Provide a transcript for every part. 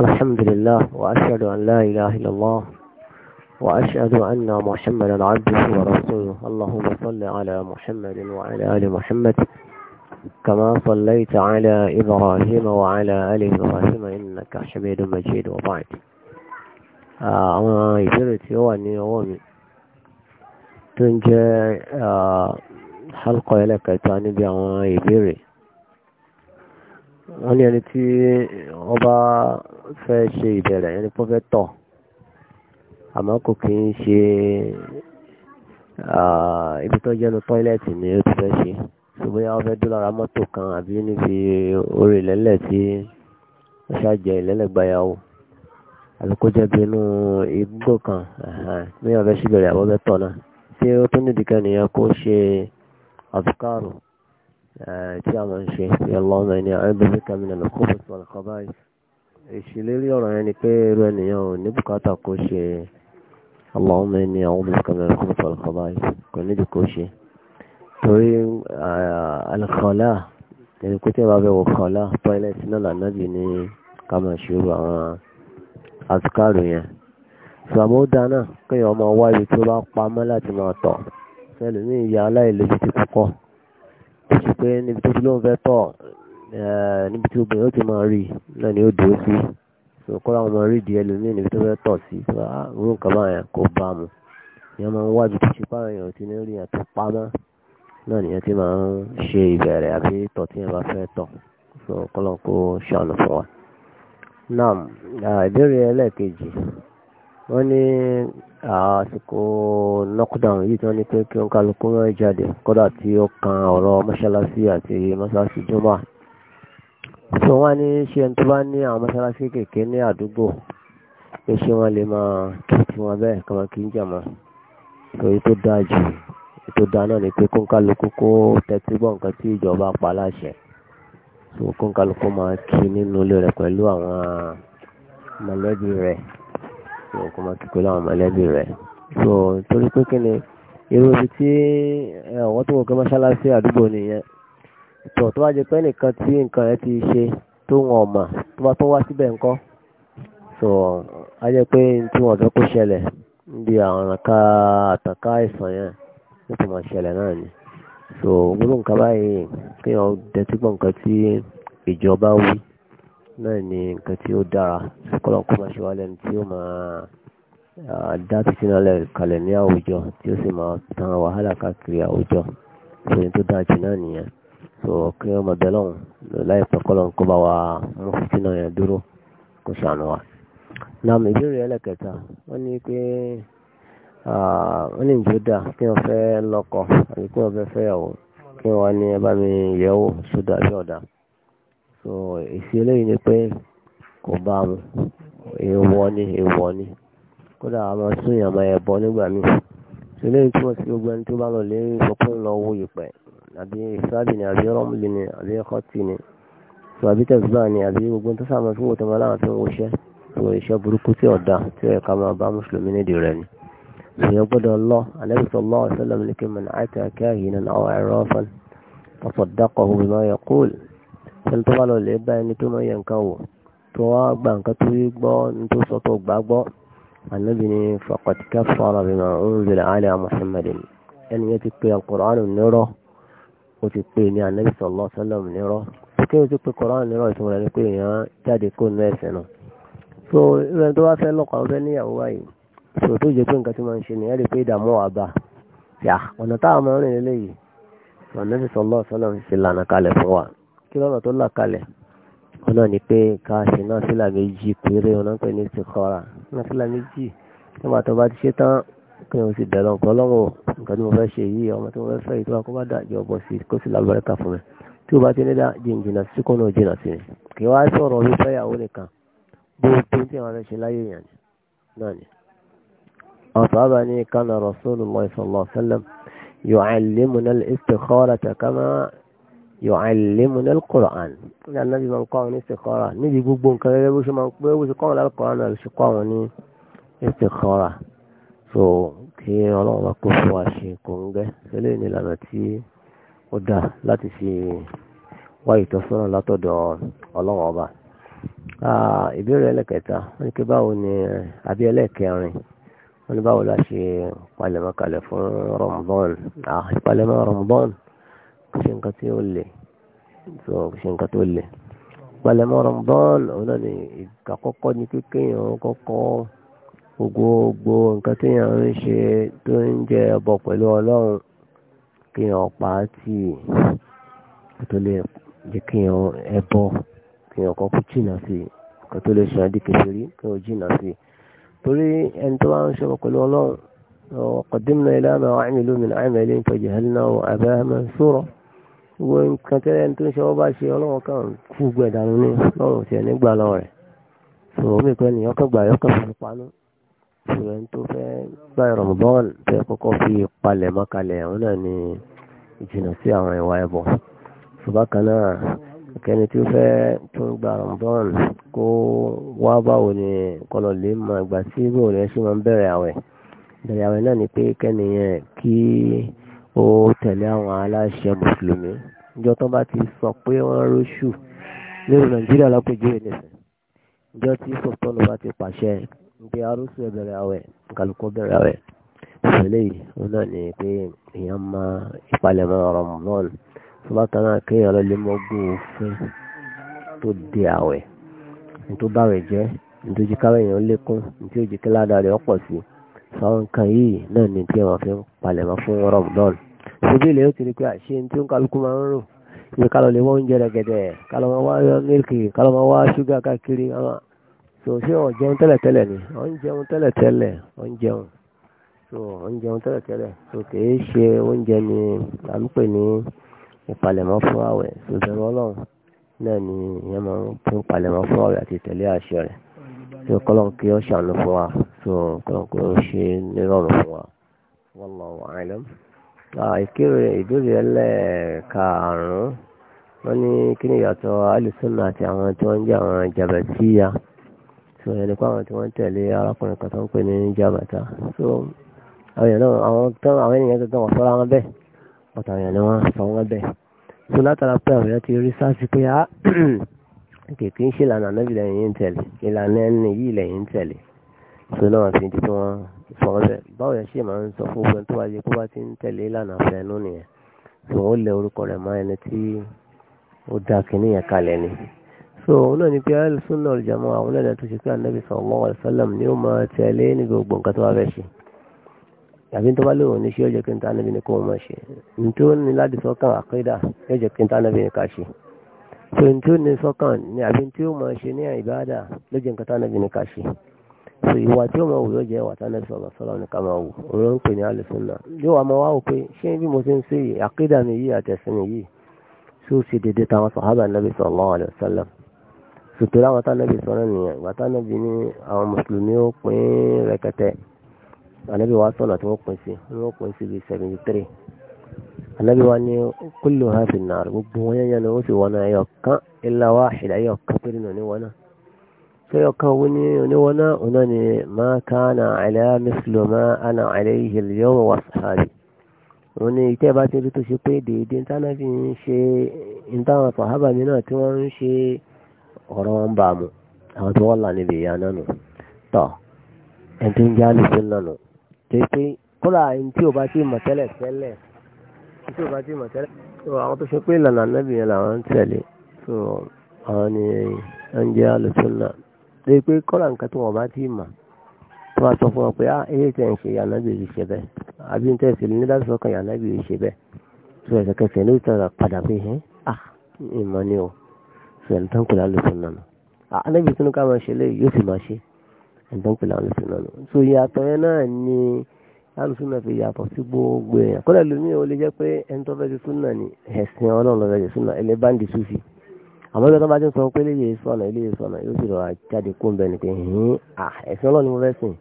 الحمد لله وأشهد أن لا إله إلا الله وأشهد أن محمدا عبده ورسوله اللهم صل على محمد وعلى آل محمد كما صليت على إبراهيم وعلى آل إبراهيم إنك حميد مجيد وبعد àwọn ìbéèrè tí ó تنجي ní ọwọ́ mi tó ń wọ́n ní ẹni tí ọba fẹ́ ṣe ìbẹ̀rẹ̀ ẹni pọ́ fẹ́ tọ̀ àmọ́ kò kí ń ṣe ibi tó jẹ́nu tọ́ílẹ̀tì ni ó ti fẹ́ ṣe ṣùgbọ́n ó fẹ́ dúró lára mọ́tò kan àbí níbi orí ìlẹ́lẹ̀ tí ó ṣàjẹ́ ìlẹ́lẹ̀ gbayàwó àbí kó jẹ́ bínú igbó kan ní ọ̀fẹ́ ṣíbẹ̀rẹ̀ àbọ̀fẹ́ tọ̀ náà tí ó tún nídìí kan nìyẹn kó ṣe àfikàrò tí a máa ń ṣe pé ọlọ́run ẹni àìbẹ̀bẹ̀ kàmínà ló kó bẹ̀tù ọ̀lẹ́kọ̀ báyìí ìṣìlérí ọ̀rọ̀ yẹn ni pé irú ènìyàn ò ní bùkátà kó ṣe ọlọ́run ẹni àìbẹ̀bẹ̀ kàmínà ló kó bẹ̀tù ọ̀lẹ́kọ̀ báyìí kò nídìí kó ṣe torí alìkọ́lá ẹni pé tí a bá fẹ́ wọ kọ́lá toilet náà lànàbì ní ká máa ṣòro àwọn àtúkàrò yẹn ṣùgbọ́n ó dáná kéèyàn ọmọ wáyé tó bá pamọ́ láti máa tọ̀ sẹ́lẹ̀ ní ìyá aláìlójútì púpọ̀ tó ṣe pé níbi tó ti lóun fẹ́ tọ̀ níbi tí obìnrin ó ti máa rí náà ni ó dúró sí so kọ́ láwọn máa rí di ẹlòmíì níbi tó fẹ́ tọ̀ sí ah, irú nǹkan báyẹn kò bá mu ìyẹn máa ń wájú tó ṣe páàrọ̀ èèyàn ti ní rí yẹn tó pamọ́ náà nìyẹn ti máa ń ṣe ìbẹ̀rẹ̀ àbí tọ̀ tí yẹn bá fẹ́ tọ̀ so kọ́ lọ́n kó ṣàánú fún wa. nam ìbéèrè ẹlẹ́ẹ̀kejì wọ́n ní àsìkò knockdown yìí tí wọ́n ní pé kí wọ́n kálukú wọ́n jáde kọ́dà tí ó kan ọ̀rọ̀ mọ́ṣáláṣí àti mọ́ṣáláṣí jọ́mà tó wọ́n ní ṣe ẹni tó bá ní àwọn mọ́ṣáláṣí kéèké ní àdúgbò pé ṣé wọ́n lè máa kí tí wọ́n bẹ́ẹ̀ kí wọ́n kí ń jàmọ́ torí tó dáa jù tó dáa náà ni pé kó ń kálukú kó tẹ́tí gbọ́ nǹkan tí ìjọba pa láṣẹ kó ń kálukú máa kí nínú ilé rẹ̀ pẹ̀lú àwọn mọ̀lẹ́bí rẹ̀ kí wọn kó máa kí pẹ̀lú àwọn mọ̀lẹ́bí so torí pé kí ni irú ibi tí ọ̀wọ́n tó wọ́n kí mọ́ṣáláṣí àdúgbò nìyẹn tọ̀ tó bá jẹ pé nìkan tí nǹkan rẹ̀ ti ṣe tó wọn ọ̀mà tó bá tó wá síbẹ̀ ńkọ́ so a jẹ pé tí wọn fẹ́ kó ṣẹlẹ̀ níbi àwọn àka àtàkà àìsàn yẹn ó tó máa ṣẹlẹ̀ náà ni so gbogbo nǹkan báyìí kí wọn dẹtí gbọ́ nǹkan tí ìjọba wí náà ni nǹkan tí ó dára kọ́lọ̀ kó máa ṣe wá lẹ́nu tí ó máa dá títí náà kalẹ̀ ní àwùjọ tí ó sì máa tan wàhálà káàkiri àwùjọ so ní tó dáa jù náà nìyẹn so kí wọ́n máa bẹ lọ́hùn láìpẹ́ kọ́lọ̀ bá wa mú títí náà yẹn dúró kó ṣàánú wa. nam ìbéèrè ẹlẹ́kẹta wọ́n ní pé wọ́n ní ìjọ dà kí wọ́n fẹ́ lọ́kọ àbí kí wọ́n fẹ́ fẹ́yàwó kí wọ́n ní ẹ bá mi yẹ̀wò sódà bí ọ̀dà so èsì eléyìí ni pé kò bá mu èèwọ̀ ni èèwọ̀ ni kódà a máa sún ìyàmọ ẹbọ nígbà míì so eléyìí túmọ̀ sí gbogbo ẹni tó bá lọ lé ìfọkún lọ owó ìpẹ́ àbí ìsáàdì ni àbí rọ́mùlì ni àbí ẹ̀kọ́tì ni so àbí tẹ̀síbà ni àbí gbogbo tó sáà máa fi wò tọmọ aláwọ̀ tó ń woṣẹ́ so iṣẹ́ burúkú tí ọ̀dà tí ẹ̀ka máa bá mùsùlùmí nídìí rẹ̀ ni èèyàn gbọ́dọ̀ lọ Ànábì sallallahu alaihi wasallam ní kí man ata kahinan aw arrafan fasaddaqahu bima yaqul ẹni tó bá lọ lè bá ẹni tó máa yẹ nǹkan wò tó wá gba nǹkan tó rí gbọ́ ní tó sọ tó gbà gbọ́ ànábì ni faqad kafara bima unzila ala Muhammadin ẹni yẹn ti pe Al-Qur'anu nírọ́ ó ti pe ní ànábì sallallahu alaihi wasallam nírọ́ kí o ti pe Qur'anu nírọ́ ìtumọ̀ rẹ̀ ni pé èèyàn jáde kó nínú ẹ̀sẹ̀ náà so irú tó bá fẹ́ lọ́kọ̀ ọ̀fẹ́ níyàwó wáyìí so tó jẹ́ pé nǹkan tí máa ń ṣe nìyẹn rí pé ìdààmú àbá yà ọ̀nà táwọn máa rìn lélẹ́yìí ọ̀nà ti sallallahu fi lànà kalẹ̀ fún wa kí lọ́nà tó là kalẹ̀ wọn náà ni pé ká ṣe náfìlà méjì péré wọn náà pè ní istikhara náfìlà méjì nígbà tó bá ti ṣe tán kí wọn sì bẹ̀rẹ̀ nǹkan lọ́wọ́ nǹkan tí mo fẹ́ ṣe yìí ọmọ tí mo fẹ́ fẹ́ yìí tó bá kó bá dàjọ́ bọ̀ sí kó sì lábẹ́rẹ́ka fún mi tí o bá ti ní dá jìnjìnà sí kọ́nà jìnà sí mi kì í wá sọ̀rọ̀ orí fẹ́yàwó nìkan bó tó tí àwọn ẹ̀ṣẹ̀ láyé èèyàn ni náà ni. àwọn sàhábà ní kánà Rasulullah sallallahu alaihi wasallam yu'allimuna al-istikharata yu'allimuna al-Qur'an ní anábì máa ń kọ́ àwọn ní istikhara níbi gbogbo nǹkan gẹ́gẹ́ bó ṣe máa ń pé bó ṣe kọ́ àwọn al-Qur'an náà ló ṣe kọ́ àwọn ní istikhara so kí ọlọ́run bá kó fún wa ṣe kò ń gẹ́ sílẹ̀ ní ìlànà tí ó dà láti ṣe wá ìtọ́sọ́nà látọ̀dọ̀ ọlọ́run ọba ìbéèrè ẹlẹ́kẹta wọ́n ní kí báwo ni àbí ẹlẹ́kẹrin wọ́n ní báwo la ṣe palẹ̀mọ́ kalẹ̀ fún Ramadan kò ṣe nǹkan tí ó lè sọ kò ṣe nǹkan tó lè. palẹ̀mọ́ Ramadan òun náà ni ìgbà kọ́kọ́ ni kékeré kọ́kọ́ gbogbo nǹkan tí èèyàn ń ṣe tó ń jẹ ẹbọ pẹ̀lú Ọlọ́run kí èèyàn pa á tì í tó lè jẹ́ kí èèyàn ẹbọ kí èèyàn kọ́kọ́ jìnnà sí i kó tó lè ṣàn dìkejì kí èèyàn jìnnà sí i torí ẹni tó bá ń ṣe ẹbọ pẹ̀lú Ọlọ́run ọ̀kọ̀dínmọ̀ ilé àmọ́ àmì lómìnira àmì ẹlẹ́yìn tó jẹ́ hẹ́lẹ́nà àbẹ́ àmọ́ sọ̀rọ̀ gbogbo nǹkan tẹ́lẹ̀ tó ń ṣe ọba ṣe ọlọ́wọ́ kan kú gbẹ̀dánù ní lọ́rùn tiẹ̀ nígbà lọ rẹ̀ sọ̀rọ̀ mi pẹ́ nìyàn kan gbà yọ kan fún panú sọ̀rọ̀ ẹni tó fẹ́ gba ìrọ̀mùbọ́n fẹ́ kọ́kọ́ fi palẹ̀ mọ́ kalẹ̀ òun náà ni ìjìnà sí àwọn ìwà ẹbọ ṣùgbọ́n kan náà kẹni tí ó fẹ́ tún gba ìrọ̀mùbọ́n kó wá báwo ni kọlọ̀ lè mọ ìgbà tí ìgbò rẹ̀ ṣe bẹ̀rẹ̀ àwẹ̀ bẹ̀rẹ̀ àwẹ̀ náà ni pé kẹ́niyàn kí ó tẹ̀lé àwọn aláṣẹ mùsùlùmí ìjọ tó bá ti sọ pé wọ́n róṣù lérò nàìjíríà lápèjúwe nìsín ìjọ tí sọ̀tọ́nù bá ti pàṣẹ bí arúsù ẹ̀bẹ̀rẹ̀ àwẹ̀ nkàlùkù bẹ̀rẹ̀ àwẹ̀ ìṣẹ̀lẹ̀ yìí ó náà ní pé èèyàn máa ìpalẹ̀mọ́ ọ̀rọ̀ mọ́ọ̀lù tó bá tán náà kéèyàn lọ lé mọ́gbọ́n òfin tó de àwẹ̀ ní tó báwẹ̀ jẹ́ ní tó jí káwẹ̀ èèyàn lékún sọ́wọ́n nǹkan yìí náà ni tí wọ́n fi ń palẹ̀mọ́ fún rọ̀mùdọ́n ṣojú ilẹ̀ ó ti rí pé àṣẹ tí ó ń kálukú máa ń rò ní kálọ̀ lè wọ́n ń jẹ́ rẹ̀gẹ̀dẹ̀ kálọ̀ máa wá mílìkì kálọ̀ máa wá ṣúgà káàkiri àwọn so ṣé wọ́n jẹun tẹ́lẹ̀tẹ́lẹ̀ ni wọ́n ń jẹun tẹ́lẹ̀tẹ́lẹ̀ wọ́n ń jẹun so wọ́n ń jẹun tẹ́lẹ̀tẹ́lẹ̀ so kìí ṣe oúnjẹ ni à ń pè ní ìpalẹ̀mọ́ fún àwẹ̀ so ọlọ́run náà ni ìyẹn máa ń fún ìpalẹ̀mọ́ fún àwẹ̀ àti ìtẹ̀lé àṣẹ rẹ̀ so kọ́lọ́n kí ó ṣàánú fún wa so nǹkan kò ṣe nírọ̀rùn fún wa wallahu a'lam. ìkéré ìbéèrè ẹlẹ́ẹ̀karùn-ún wọ́n ní kí ni ìyàtọ̀ alùsùnà àti àwọn tí wọ́n ń jẹ́ àwọn jàbàtíyà so ìyẹn nípa àwọn tí wọ́n ń tẹ̀lé arákùnrin kan tó ń pè ní jàbàtà so àwọn èèyàn náà àwọn ènìyàn gẹ́gẹ́ wọ́n sọ́ra wọn bẹ́ẹ̀ ọ̀tà àwọn èèyàn ni wọ́n sọ wọn bẹ́ẹ̀ so látara pé àwọn èèyàn ti rí sáàsì pé a kìkì ń ṣe ìlànà anábìlẹ̀ yìí ń tẹ̀lé ìlànà ẹni yìí lẹ̀ yìí ń tẹ̀lé sọ náà àti ibi tí wọ́n sọ ọ́ sẹ́ báwo yẹn ṣe máa ń sọ fún gbogbo tó bá yẹ kó bá ti ń tẹ̀lé ìlànà àfẹnú nìyẹn sọ wọ́n lẹ orúkọ rẹ̀ mọ́ ẹni tí ó da kìíní yẹn kalẹ̀ ni so òun náà ni pé al sunna wal jamaa àwọn ẹ̀dá tó ṣe pé anabi sallallahu alaihi wasallam ni ó máa tẹ̀lé ní gbogbo nǹkan tó bá fẹ́ ṣe àbí tó bá lóun ní ṣe ọjọ́ kí n ta anabi ni kó máa ṣe nítorí ó ní láti sọ́kàn àkídà ọjọ́ kí n ta anabi ni ká ṣe so nítorí ó ní ni àbí tí ó máa ṣe ní ìbádà lójú nǹkan tá anabi ni ká ṣe so ìwà tí ó máa wù yóò jẹ́ ìwà tánà sọ̀rọ̀ sọ̀rọ̀ ní ká máa wù òun ń pè ní alùsùnà yóò wá máa wá wò pé ṣé bí mo ṣe ń ṣe yìí àkídà mi yìí àtẹ̀sìn mi yìí ṣé ṣe déédéé táwọn sàhábà nàbì sallallahu alaihi wasallam sòtò láwọn tánàbì sọ̀rọ̀ nìyẹn ìgbà tánàbì ní àwọn mùsùlùmí ó pín rẹkẹtẹ ànábì wa sọ̀nà tí wọ́n pín sí wọ́n pín sí bíi seventy three ànábì wa ní kullu ha fi nàr gbogbo wọn yẹn yẹn ni wọ́n sì wọ́n náà ẹ̀yọ̀ kan illa wahida ẹ̀yọ̀ kan péré nà ní wọ́n كيوكا وني ونونا ونني ما كان على مثل ما أنا عليه اليوم وأصحابي وني تبا تبي تشوفي دي دي انت انا في شيء انت انا صحابة منا تون شيء غرام بامو àwọn tó wọ́n là níbi ìyá náà nù tọ́ ẹni tí ń já lùsí náà nù tí pé kódà ẹni tí ò bá ti mọ̀ tẹ́lẹ̀ tẹ́lẹ̀ tí ò bá ti mọ̀ tẹ́lẹ̀ tó àwọn tó ṣe pé ìlànà náà bìyẹn làwọn ń tẹ̀lé tó àwọn ni ẹni jẹ́ lùsí náà lè pé kọ́là nǹkan tí wọ́n bá ti mà tó wàá sọ fún wọn pé ah eré tẹ̀ ń ṣe ànábì yìí ṣe bẹ́ẹ̀ àbí ń tẹ̀sí ní láti sọ́kàn ànábì yìí ṣe bẹ́ẹ̀ tó ẹ̀sẹ̀kẹsẹ̀ ní ìtara padà pé hẹ́n ah ìmọ̀ ni o sọ̀rọ̀ tó ń pè lálùsùn náà nù ah, ànábì tó ní ká máa ṣe léyìí yóò sì máa ṣe ẹ̀ tó ń pè lálùsùn náà nù so ìyàtọ̀ fi yàtọ̀ sí gbogbo èèyàn kọ́lẹ̀ lómi ò lè jẹ́ pé ẹni tó fẹ́ ti súnà ni ẹ̀sìn ọlọ́run lọ́fẹ́ súnà ẹlẹ́bàndì súfì àmọ́ bí wọ́n bá ti ń sọ pé lè yé sọ̀nà ilé yé sọ̀nà yóò sì rọra jáde kó ń bẹ nìkan hìn à ẹ̀sìn ọlọ́run ni mo fẹ́ sìn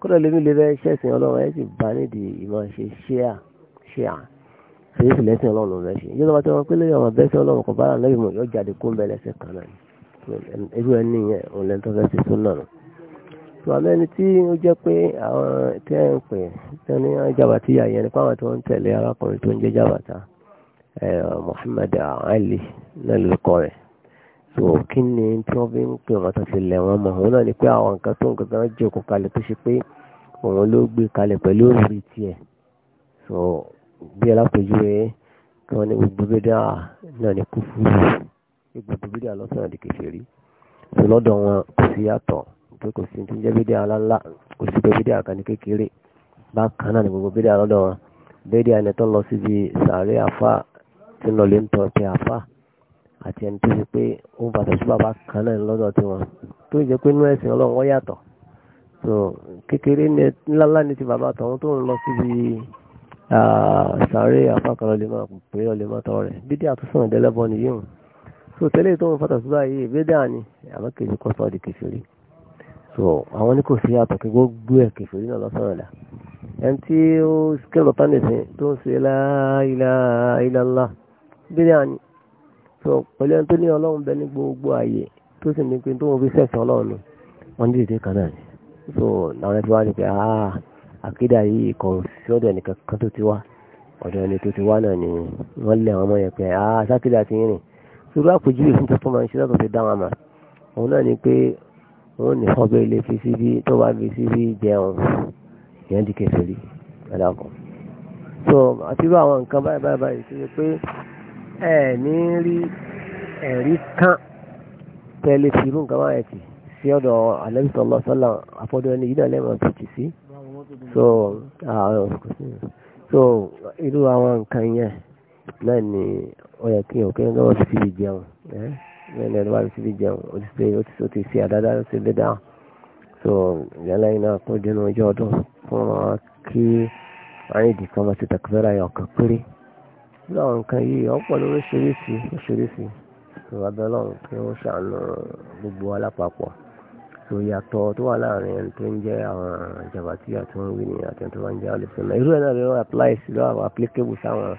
kódà lèmi lè fẹ́ ṣẹ̀sìn ọlọ́run ẹ̀ sì bá nídìí ìmọ̀ ṣe ṣíà ṣíà ṣe é sì lẹ́sìn ọlọ́run ló fẹ́ ṣe yóò bá ti wọn pé lè ọmọ bẹ́sẹ̀ ọlọ́run kò bá rà lẹ́yìn mọ̀ yóò jáde kó ń bẹ lẹ́sẹ̀ kan náà irú ẹni yẹn òun lẹ́ni tó fẹ́ ṣe sún náà tùwàmẹ́ ń pè tẹ́ tó ń jẹ́ jábàtà Muhammad Ali náà lórúkọ rẹ̀ so kí ni tí wọ́n fi ń pè wọ́n tó fi lẹ̀ wọ́n mọ̀ òun náà ni pé àwọn nǹkan tó nǹkan kan jókòó kalẹ̀ tó ṣe pé òun ló gbé kalẹ̀ pẹ̀lú òrùlé tiẹ̀ so bí alápèjúwe kí wọ́n ní gbogbo bídà náà ni kú fún mi gbogbo bídà lọ́sàn-án di kèfèrí so lọ́dọ̀ wọn kò sí yàtọ̀ pé kò sí tún jẹ́ bídà aláńlá kò sí pé bídà kan ní kékeré bákan náà ni gbogbo bídà lọ́dọ̀ wọn bídà ẹni tó lọ síbi sàárè àfà tí ń lọlé ń tọ́ ti àfà àti ẹni tó ṣe pé ó ń bàtọ̀ sí bàbá kan náà lọ́dọ̀ tí wọn tó jẹ́ pé inú ẹ̀sìn ọlọ́run wọ́n yàtọ̀ so kékeré ńláńlá ni ti bàbá tọ̀hún tó ń lọ síbi sàárè àfàkànlọ lè máa pè é ọlẹ́ mọ́tọ́ rẹ̀ bídí àtúnṣàn ìdẹ́lẹ́bọ nìyí hùn so tẹ́lẹ̀ tó ń fàtọ̀ sí báyìí ìbédà ni àmọ́ kejì kọ́ sọ́ọ́dì kẹfìrí so àwọn ní kò sí yàtọ̀ kí gbogbo ẹ̀ kẹfìrí náà lọ́sàn ọ̀la ẹni tí ó kẹ́lọ̀ tánìsìn tó ń ṣe la bíríà so pẹ̀lú ẹni tó ní ọlọ́run bẹ ní gbogbo ààyè tó sì ní pé tó wọn fi sẹ̀sán ọlọ́run ni wọ́n ní ìdílé kan ni so làwọn ẹni wá ní pé ah àkídà yìí kò sí ọ̀dọ̀ ẹnìkan kan tó ti wá ọ̀dọ̀ ẹni tó ti wá náà ni wọ́n lé àwọn ọmọ yẹn pé ah sákìdà ti rìn sùúrù àpèjúwe fún tó tó máa ń ṣe lọ́tọ̀ fi dá wọn mà òun náà ni pé òun ní fọ́bẹ́ ilé fi síbí tó bá fi síbí jẹun ìyẹn di kẹfẹ́ rí ẹ̀dá kan so àti irú àwọn nǹkan báyìí báyìí báyìí ṣe pé ẹ ní rí ẹ̀rí kan tẹ́lẹ̀ fi irú nǹkan báyẹn tì sí ọ̀dọ̀ Ànábì sallallahu alaihi wasallam àfọ́dọ̀ ẹni yìí náà lẹ́mọ̀ tó sí so so irú àwọn nǹkan yẹn náà ni ó yẹ kí òkè ńlọ́wọ́ ti fi jẹun náà ni ẹ̀rọ ti fi jẹun ó ti ṣe ó ti ṣe àdáda ó ti lé so ìyálà yìí náà kó dénú ọjọ́ ọdún fún wọn kí àyèdì kan máa ti tàkìbẹ́rẹ́ ayọ̀ kan péré bí àwọn nǹkan yìí ọ̀pọ̀ lóríṣiríṣi lóríṣiríṣi ìwádìí ọlọ́run kí wọ́n ṣàánú gbogbo alápapọ̀ tó yàtọ̀ tó wà láàrin ẹni tó ń jẹ́ àwọn ìjọba tí àti wọn wí ni àti ẹni tó bá ń jẹ́ olùsọ̀nà irú ẹ̀ náà ló apply sí lọ́wọ́ àwọn applicable sáwọn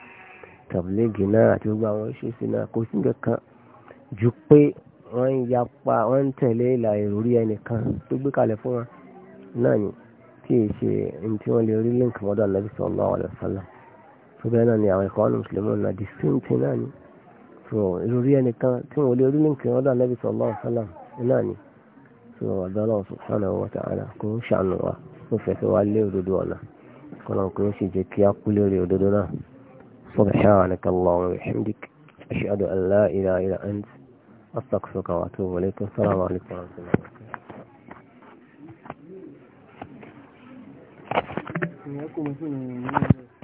tàbílẹ́gì náà àti gbogbo àwọn oríṣiríṣi náà kò sí nǹkan kan ju pé wọ́n ń yapa wọ́n ń tẹ̀lé ìlà ìròrí ẹnìkan tó gbé kalẹ̀ fún wọn náà ni tí ì ṣe ní tí wọ́n lè rí link mọ́dọ̀ Ànábì sallallahu alaihi wasallam so bẹ́ẹ̀ náà ni àwọn ẹ̀kọ́ ọ̀nà mùsùlùmí náà di síǹtì náà ni so ìrírí ẹnìkan tí wọn ò lè rí ní nǹkan ọ̀dọ̀ anábì sallallahu alaihi wasallam náà ni so àdánù subhanahu wa ta'ala kò ń ṣàánú wa ó fẹsẹ̀ wá lé òdodo ọ̀nà kọ́nà kò ń sì jẹ́ kí á kú lérè òdodo náà subhanaka Allahumma wa bihamdik ashhadu an la ilaha illa ya kuma suna